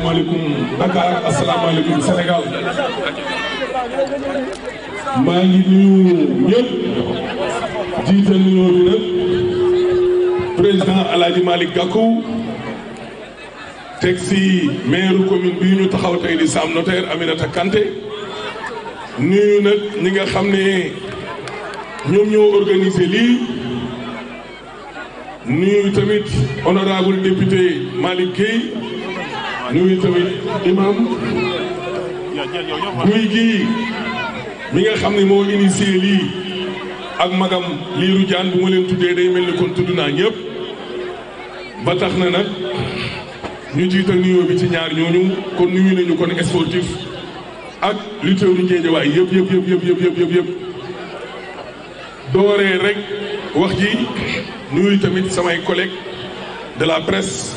alaikum Dakar alaikum Sénégal président Aladi Malik Gakou Taxi maire commune bi ñu taxaw Notaire Aminata Kanté Nous ñi honorable député Malik nuyu tamit imam guy gii mi nga xam ne moo initié lii ak magam liiru jaan bu ma leen tuddee day mel ni kon tudd naa ñëpp ba tax na nag ñu jiital nuyoo bi ci ñaar ñooñu kon nuyu nañu kon sportif ak lutteur yu géejawaay yëpp yëpp yëpp yëpp yëpp yëpp yëpp dooree rek wax ji nuyu tamit samay collègues de la presse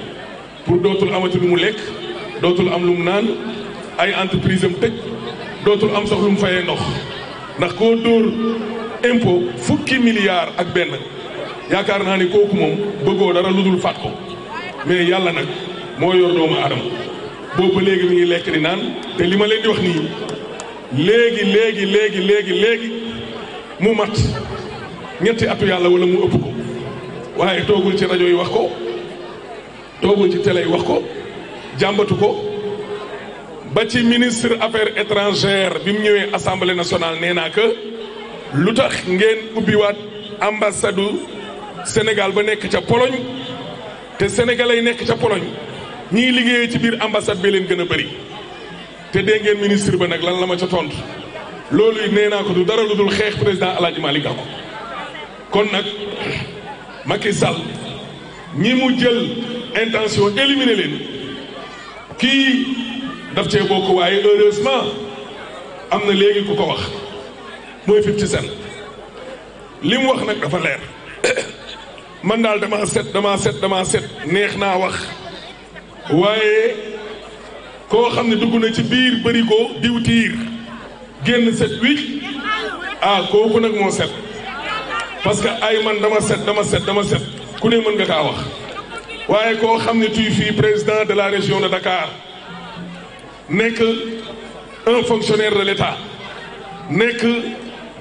pour dootul amati lu mu lekk dootul am lu mu naan ay entreprise am tëj dootul am sax lu mu fayee ndox ndax koo dóor impôt fukki milliards ak benn yaakaar naa ni kooku moom bëggoo dara lu dul faat ko mais yàlla nag moo yor doomu aadama boobu léegi mi ngi lekk di naan te li ma leen di wax nii léegi léegi léegi léegi léegi mu mat ñetti atu yàlla wala mu ëpp ko waaye toogul ci rajo yi wax ko toogul ci télé wax ko jàmbatu ko ba ci ministre affaires étrangères bi mu ñëwee assemblée nationale nee naa que lu tax ngeen ubbiwaat ambassade Sénégal ba nekk ca poloñ te sénégalais yi nekk ca Pologne ñiy liggéeyee ci biir ambassade bi leen gën a bëri te dégg ngeen ministre ba nag lan la ma ca tontu loolu it nee naa ko du dara lu dul xeex président El Hadj Malick Gakou kon nag Macky Sall ñi mu jël. intention éliminer leen kii daf cee bokk waaye heureusement am na léegi ku ko wax mooy Fifty ci sen mu wax nag dafa leer man daal dama set dama set dama set neex naa wax waaye koo xam ne dugg na ci biir bëri ko diw tiir génn set wi ah kooku nag moo set parce que ay man dama set dama set dama set ku ne mën nga kaa wax waaye koo xam tuy président de la région de Dakar nekk un fonctionnaire de l'État nekk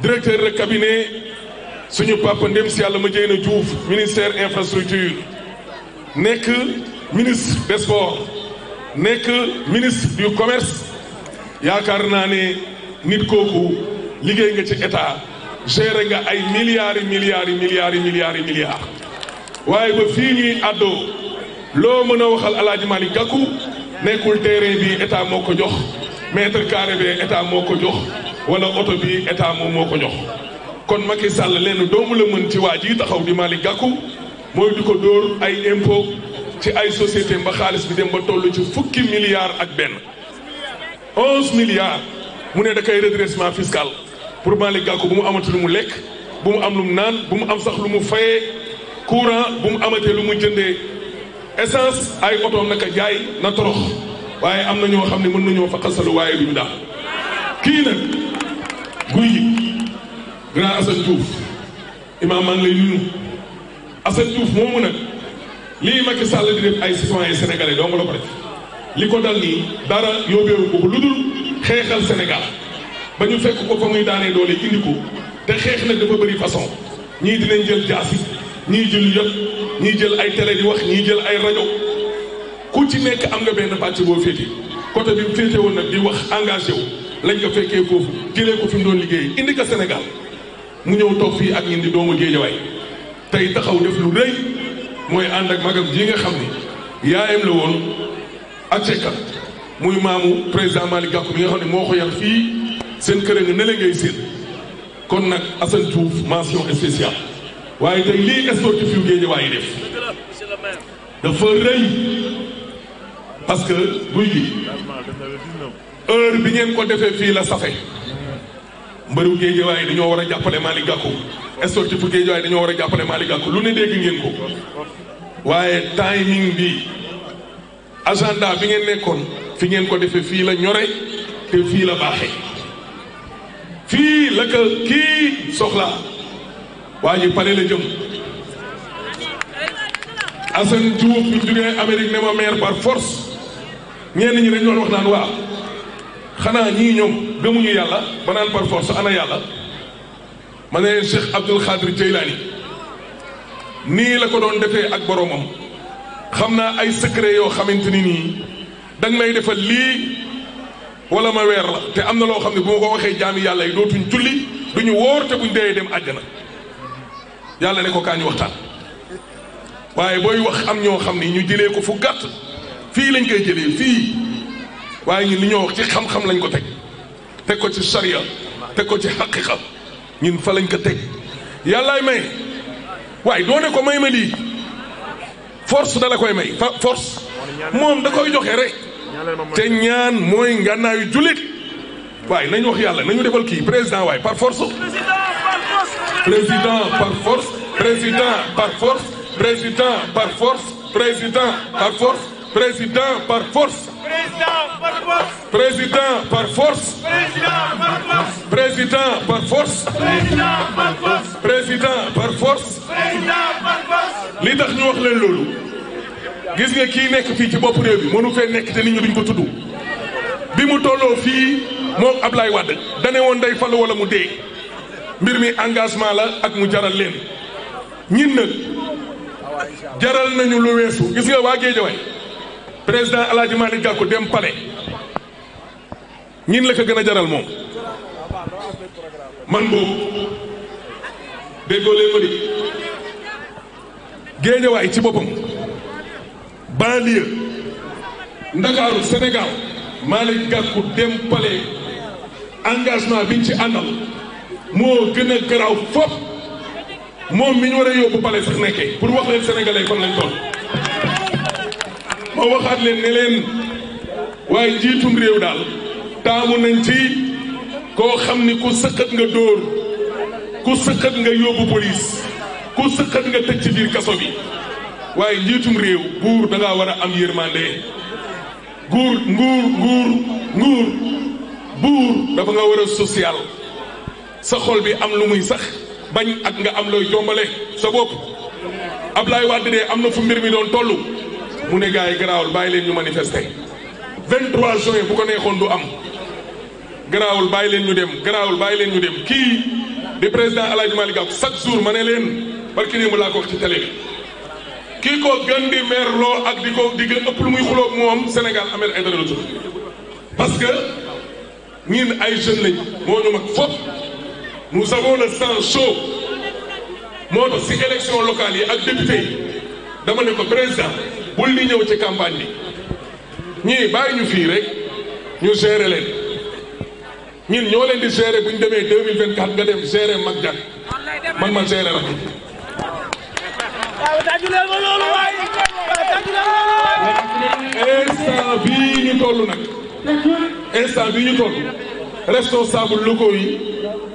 directeur de cabinet suñu papa ndem si yàlla ma jéen ministère infrastructure nekk ministre des sports nekk ministre du commerce yaakaar naa ne nit kooku liggéey nga ci état gérer nga ay milliards et milliards milliards et milliards milliards waaye ba fii ñuy àddoo loo mën a waxal alaaji mali Gakou nekkul terrain bi état moo ko jox mètre carré bi état moo ko jox wala oto bi état moom moo ko jox kon Macky lenn leen doomu la mën ci waa ji taxaw di mali Gakou mooy di ko dóor ay impôt ci ay société ba xaalis bi dem ba toll ci fukki milliards ak benn onze mu ne da koy redressement fiscal pour Malick Gakou bu mu amati lu mu lekk bu mu am lu mu naan bu mu am sax lu mu fayee courant bu mu amatee lu mu jëndee essence ay oto naka jaay na torox waaye am na ñoo xam ne mën nañoo fa xasalu waaye ñu daal kii nag guy gi grand Assane Diouf imaam maa ngi lay nuyu Assane Diouf moomu nag lii Macky Sall di def ay citoyen sénégalais dong la ko def li ko dal nii dara yóbbeewu ko lu dul xeexal Sénégal ba ñu fekk ko fa muy daanee doole indi ko te xeex nag dafa bëri façon ñii dinañ jël jaasi ñiy jël yëpp ñiy jël ay télé di wax ñii jël ay rajo ku ci nekk am nga benn pàcc boo féete côté bi mu nag di wax engagé wu lañ ko fekkee foofu jëlee ko fi mu doon liggéey indi ko senegal mu ñëw toog fii ak ñun di doomu Géejawaay tey taxaw def lu rëy mooy ànd ak magam ji nga xam ni yaayam la woon ak sekkam muy maamu président Malick Gakou bi nga xam ne moo ko yar fii seen kër nga ne la ngay séen kon nag Assane Diouf mention spéciale. waaye tey lii sportif yu Guédiawaye def dafa rëy parce que guy gi heure bi ngeen ko defee fii la safe mbëru Guédiawaye dañoo war a jàppale Malick Gakou sportif yu Guédiawaye dañoo war a jàppale Malick Gakou lu ne dégg ngeen ko waaye timing bi agenda bi ngeen nekkoon fi ngeen ko defee fii la ñore te fii la baaxe fii la kii soxla waa ji pare la jëm Assane Diouf bi jógee Amérique ne ma maire par force ñenn ñi dañ doon wax naan waa xanaa ñii ñoom gëmuñu yàlla ba naan par force ana yàlla ma ne Cheikh Abdoul Khadir Jeylaani nii la ko doon defee ak boromam xam naa ay secret yoo xamante ni nii danga may defal lii wala ma weer la te am na loo xam ne boo ko waxee jaami yàlla yi dootuñ julli duñu wóor te buñ dee dem àjjana. yàlla ne ko kaa waxtaan waaye booy wax am ñoo xam ni ñu jëlee ko fu gàtt fii lañ koy jëlee fii waaye ñun li ñoo wax ci xam-xam lañ ko teg teg ko ci sariya teg ko ci xaqiqa ñun fa lañ ko teg yàllaay may waaye doone ko may ma lii force da la koy may force moom da koy joxe rek te ñaan mooy ngànnaayu jullit waaye nañu wax yàlla nañu defal kii président waaye par force. président par force. président par force. président par force. président par force. président par force. président par force. président par force. président par force. li tax ñu wax leen loolu. gis nga kii nekk fii ci bopp réew bi mënu fee nekk te nit ñi duñ ko tudd. bi mu tolloo fii. moom Ablaye Wade dane woon falu wala mu dee mbir mi engagement la ak mu jaral leen ñin nag jaral nañu lu weesu gis nga waa Géejawaay président El Hadj Malick Gakou dem palais ñin la ko gën a jaral moom man boobu déggoo leen ma Géejawaay ci boppam banlieue Ndakaaru Sénégal Malick Gakou dem palais engagement bi ñu ci àndal moo gën a garaaw fop moom mi ñu war a yóbbu pale sax nekkee pour wax leen sénégalais fan lañ toll ma waxaat leen ne leen waaye njiitum réew daal taamu nañ ci koo xam ni ku sëqat nga dóor ku sëqat nga yóbbu police ku sëqat nga tëj ci biir kaso bi waaye njiitum réew buur da ngaa war a am yërmande guur nguur nguur toujours dafa nga wara social sa xol bi am lu muy sax bañ ak nga am loy jombale sa bop ablay Wade de am na fu mbir mi don tollu mu ne gaay grawul bay leen ñu manifester 23 juin bu ko neexoon du am grawul bay leen ñu dem grawul bay leen ñu dem ki di président El malik ak Gakou chaque jour mané leen barki mu la ko wax ci télé ki ko gën di merloo ak di ko di ëpp lu muy xulok mom Sénégal Ahmed Aïdara parce que ñun ay jeunes lañ moo ñu mag fop nous avons le sang chaud moo tax si élection locale yi ak député yi dama ne ko président bul li ñëw ci campagne bi ñii bàyyi ñu fii rek ñu gérer leen ñun ñoo leen di gérer bu ñu demee deux mille vingt quatre nga dem gérer mag jag man ma gérer la. instant bii ñu toll nag. instant bi ñu toll responsable locaux yi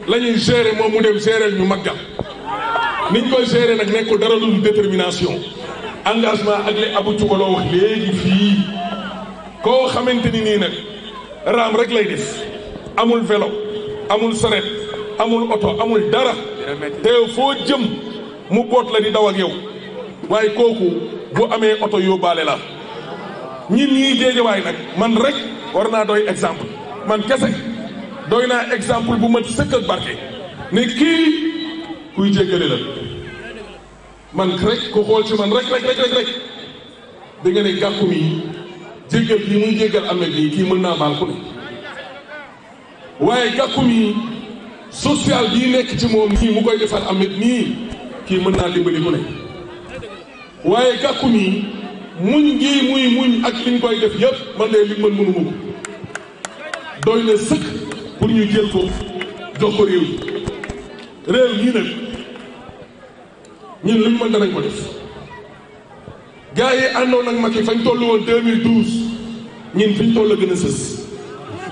la ñuy moom mu dem gérer ñu mag ni ñu koy gérer nag nekkul dara lu détermination engagement ak li Abou Thioubalo wax léegi fii koo xamante ni nii nag raam rek lay def amul velo amul saret amul oto amul dara te foo jëm mu boot la di daw ak yow waaye kooku bu amee oto yóbbaale la ñin ñii géejawaay nag man rek war naa doy exemple man kese doy naa exemple bu mat sëkk ak barke ne kii kuy jéggale man rek ko xool ci man rek rek rek rek ne gàkku mi jéggal bi muy jéggal amet yi kii mën naa baal ku ne waaye gàkku mi social bii nekk ci moom nii mu koy defar amet nii kii mën naa dimbali ku ne waaye gàkku muñ gii muy muñ ak li koy def yëpp man de li mën mënu ma ko doy na sëkk pour ñu jël ko jox ko réew mi réew ñii nag ñun li ñu mën danañ ko def gars yi àndoon ak Macky fañ toll woon 2012 ñun fi ñu toll la gën a sës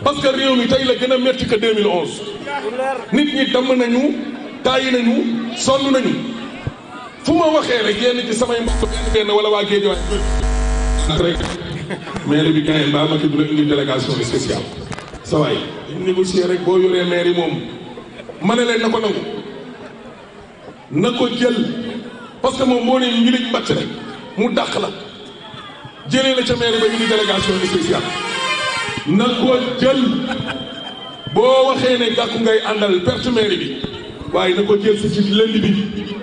parce que réew mi tey la gën a métti que 2011 nit ñi damm nañu tàyyi nañu sonn nañu. fu ma waxee rek yenn ci samay mbokk benn benn wala waa Géejawaay nag rek maire bi gars yi mbaa ma ki dina indi délégation spéciale sa waay négocier rek boo yoree maire yi moom ma ne leen na ko nangu na ko jël parce que moo ne ngiliñ mbàcc rek mu dàq la la ca maire ba indi délégation spéciale na ko jël boo waxee ne gàkku ngay àndal perte maire bi waaye na ko jël si ci lënd bi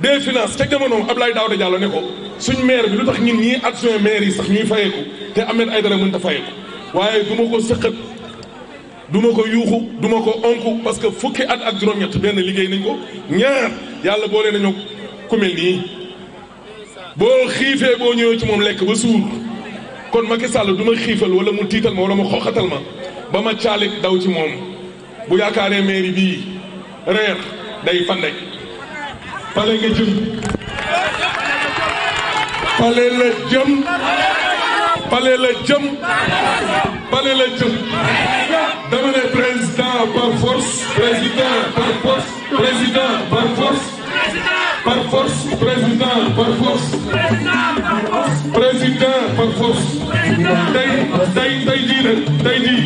des finances ca jamonoom daaw Daouda Diallo ne ko suñ maire bi lu tax ñun ñii adjoint maire yi sax ñuy fayeeku te Ahmed Aïdara mënta fayeeku waaye du ma ko sëqat duma ko yuuxu duma ko onku parce que fukki at ak juróom-ñett benn liggéey nañ ko ñaar yàlla boole nañu ku mel nii boo xiifee boo ñëwee ci moom lekk ba suur kon Macky Sall du ma xiifal wala mu tiital ma wala mu xoxatal ma ba ma caalik daw ci moom bu yaakaaree mairie bii reer day fande pale nga jëm pale la jëm pale la jëm pale la jëm dama ne président par force président par force président par force par force président par force président par force tey tey tey jii nag tey jii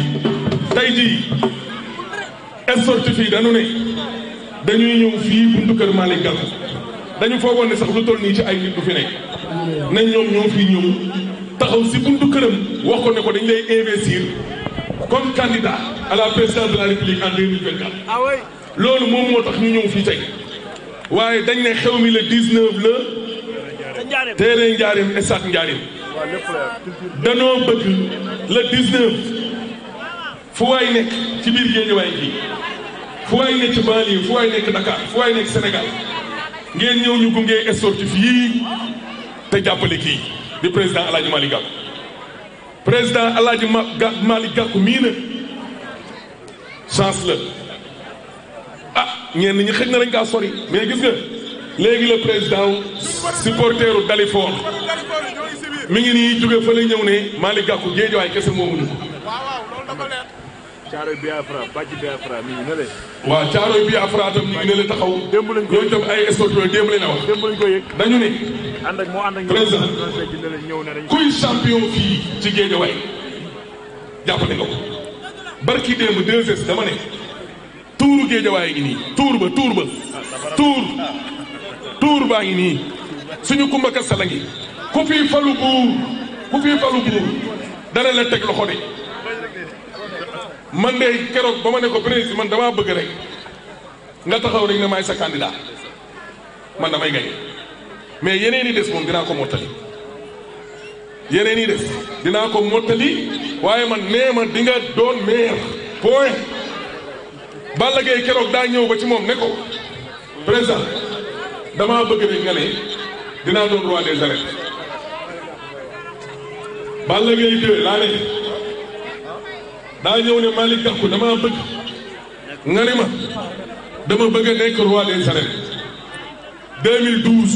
tey jii escorte fii dañu ne dañuy ñëw fii buntu kër Malick dañu foogoon ne sax lu toll nii ci ay nit du fi nekk nañ ñoom ñoo fii ñëw taxaw si buntu këram wax ko ne ko dañ lay investir comme candidat à la présidence de la république en 2024 ah loolu moom moo tax ñu ñëw fi tey waaye dañ ne xew mi le 19 la terrain njaarim estat njaarim danoo bëgg le 19 fu waay nekk ci biir Guédiawaye gi fu waay nekk ci banlieue fu waay nekk Dakar nekk Sénégal ngeen ñëw ñu gunge sportif yii te jàppale kii di président El Hadj Malick Gakou président El Hadj Malick Gakou mii na la ah ñenn ñi xëj na dañ kaa sori mais gis nga léegi le président supporteru Dalifort mi ngi nii jóge fa la ñëw ne Malick Gakou géej waay kese moomuñu ko. caaroy Biafra bàcc Biafra mi ngi ne le waaw caaroy Biafra tam ñu ngi ne le taxaw démb lañ ko ñooñu tam ay escorteur démb lañ la wax ko yëg dañu ne ànd ak moo ànd ak président ñëw ne dañ kuy champion fii ci Guédiawaye jàppale nga ko barki démb deux es dama ne tuuru Guédiawaye ngi nii tuur ba tuur ba tuur tuur baa ngi nii suñu Kumba Kasala ngi ku fii falu buur ku fii falu buur dara la teg loxo de man de keroog ba ma ne ko président man damaa bëgg rek nga taxaw rek ne maay sa candidat man damay gañ mais yeneen yi des moom dinaa ko mottali yeneen des dinaa ko mottali waaye man nee man di nga doon maire point Balla Gaye keroog daa ñëw ba ci moom ne ko président dama bëgg rek nga ne dinaa doon roi des Balla Gaye 2 laa daa ñëw ne Malick Gakou dama bëgg nga ne ma dama bëgg a nekk roi des arènes 2012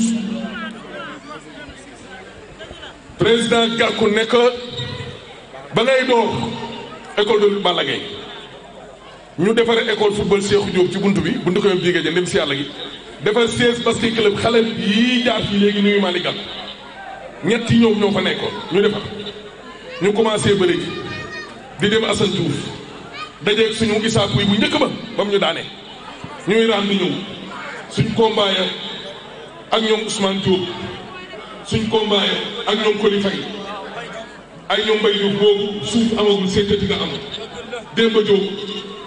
président Gakou nekk ba ngay door école de lutte ñu defar école football Cheikhou Diop ci bunt bi buntu ko yom jigée ja ndem si yàlla gi defar 16 basket club xale yii jaar fii léegi ñuy Malick Gakou ñett ñoo fa nekkoon ñu defar ñu commencé bëri ji di dem Assane Diouf dajeeg suñu Issa Pouye bu njëkk ba ba mu ñu daane ñuy raam di ñëw suñ combat ak ñoom Ousmane Diop suñ combat ak ñoom Coly Faye ay ñoom Mbaye Diouf boobu suuf amagul séntati nga am Demba Diop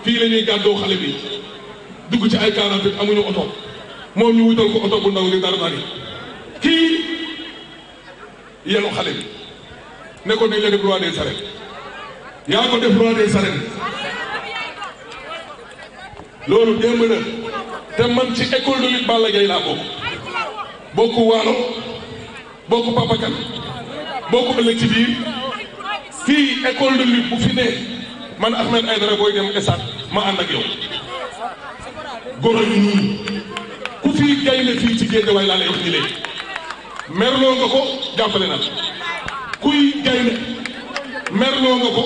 fii la ñuy gàddoo xale bi dugg ci ay quarante amuñu oto moom ñu wutal ko oto bu ndaw li dara bari kii yelu xale bi ne ko dañ la def roi des yaa ko def roi loolu démb na te man ci école de lutte Balla Gaye laa bokk bokku waalo bokku papakan bokku ëllëg ci biir fii école de lutte bu fi ne man Ahmed Aïdara booy dem esat ma ànd ak yow góor ñu nii ku fii gaynde fii ci géej waay laa lay wax ni léegi merloo nga ko jàppale na kuy gaynde merloo nga ko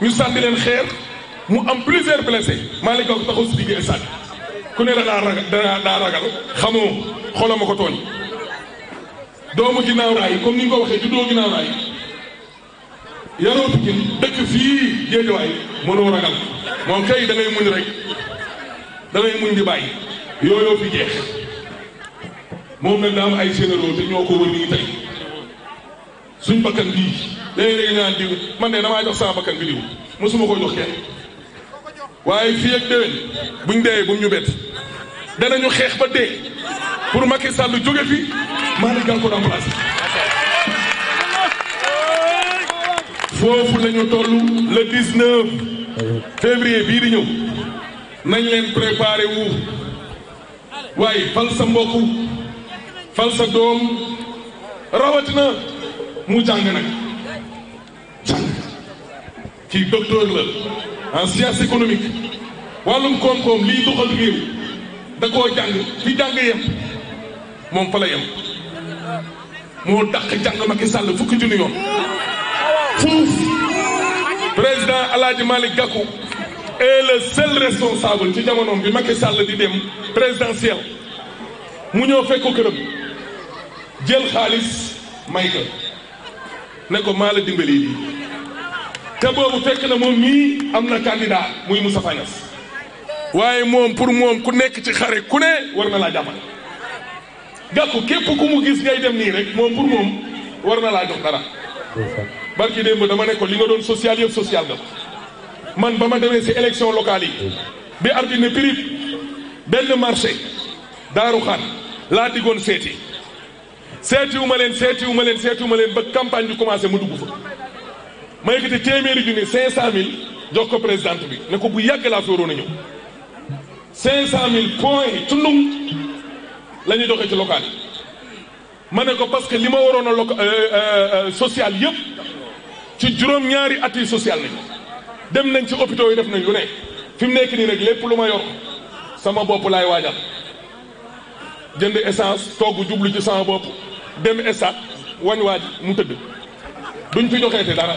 ñu sànni leen xeer mu am plusieurs blessés Malick Gakou taxaw si digg stade ku ne la daa ragal daa ragal xamoo xoolal ma ko tooñ doomu ginnaaw raay comme ni nga ko waxee juddoo ginnaaw raay yaroo Pikine dëkk fii Géejawaay mënoo ragal moom kay da ngay muñ rek da ngay muñ di bàyyi yooyoo fi jeex moom nag daa am ay généraux te ñoo ko wër nii tey suñ bakkan bii. léegi-léegi ñu naan diw man de damaa jox sama bakkan bi diw mosuma ko jox kenn waaye fii ak déwén buñ dee bu ñu bett danañu xeex ba dee pour Macky Sall jóge fi Malick Gakou remplacé foofu bii di ñëw nañ leen préparé wu waaye fal sa mbokk fal sa doom rawatina mu jàng nag kii docteur en sciences économiques wàllum koom-koom lii doxal réew da koo jàng fi jàng yem moom fa la yem moo dàq jàng Macky fukki junni yoon fuuf président Alaaji Malick Gakou est le seul responsable ci jamonoom bi Macky Sall di dem présidentiel mu ñëw fekk ko këram jël xaalis may ko ne ko maa la te boobu fekk na moom mii am na candidat muy Moustapha Niasse waaye moom pour moom ku nekk ci xare ku ne war na laa jàppale gàkku képp ku mu gis ngay dem nii rek moom pour moom war na laa jox dara barki démb dama ne ko li nga doon social yëpp social nga man ba ma demee si élection locale yi bi arbine prib benn marché daaru xaan laa diggoon seeti seetiwu ma leen seetiwu ma leen seetiwu ma leen ba campagne bi commencé mu dugg fa ma yëkkati téeméeri junni cinq cent mille jox ko présidente bi ne ko bu yàgg laa fi waroon a ñëw cinq cent mille points yi tundung la ci local yi ma ne ko parce que li ma waroon a local euh, euh, euh, social yëpp ci juróom-ñaari at yi social nañu dem nañ ci hôpitaux yi def nañ lu ne fi mu nekk nii rek lépp lu ma yor sama bopp laay waajal jënd essence togg jublu ci sama bopp dem stade wañ waaj mu tëdd duñ fi joxeete dara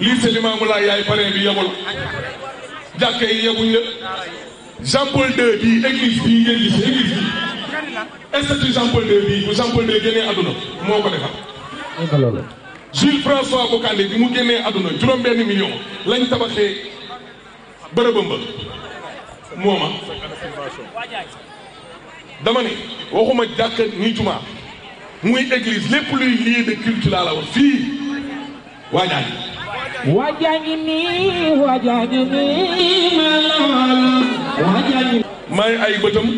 lycée Limamou Laye yaay parrain bi yebul jàkke yi yebuñ la Jean Paul II bii église bii Église, Église. église bii statue Jean Paul II bii bu Jean Paul II génnee àdduna moo ko defar Jules François Bocandé bi mu génnee àdduna juróom benn million lañ tabaxee bërëbam ba mooma dama ne waxuma jàkk ni jumaa muy église lépp luy lieu de culte laa la wax fii waajaay maay ay bëtam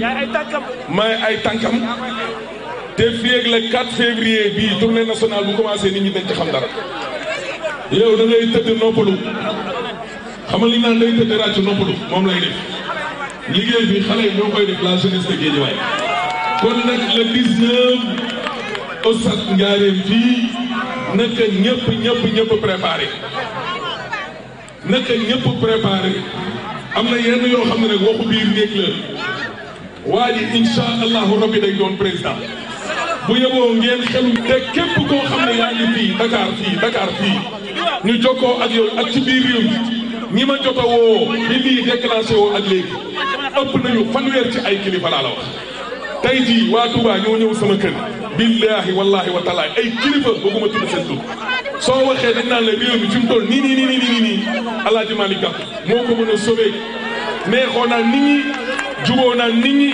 maay ay tànkam te fii ak le 4 février bii tournée nationale bu commencé nit ñi dañ ci xam dara yow da tëdd noppalu xam li naan day tëdd ràcc noppalu moom lay def liggéey bi xale yi ñoo koy def la jeunesse de Guédiawaye kon nag le 19 au stade Ndiarème fii. naka ñëpp ñëpp ñëpp préparé naka ñëpp préparé am na yenn yoo xam ne nag waxu biir néeg la waa ji insha allahu rabbi day doon président bu yeboo ngeen xelu te képp koo xam ne yaa ngi fii Dakar fii Dakar ñu jokkoo ak yow ak ci biir réew ñi ma jot a woo bi lii déclenché woo ak léegi ëpp nañu fanweer ci ay kilifa laa wax tey jii waa Touba ñoo ñëw sama kër billaahi wallaahi wa taala ay kilifa bëgguma tudd seen tur soo waxee dañ naan la réew mi fi mu toll nii nii nii nii nii nii Alaaji Malick Gakou moo ko mën a sauver neexoo naa nit ñi juboo naa nit ñi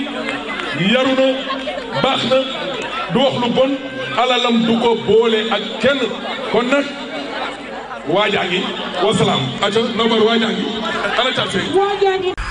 yaru na baax na du wax lu bon alalam du ko boole ak kenn kon nag waajaa ngi wasalaam aca nombar waajaa ngi ala car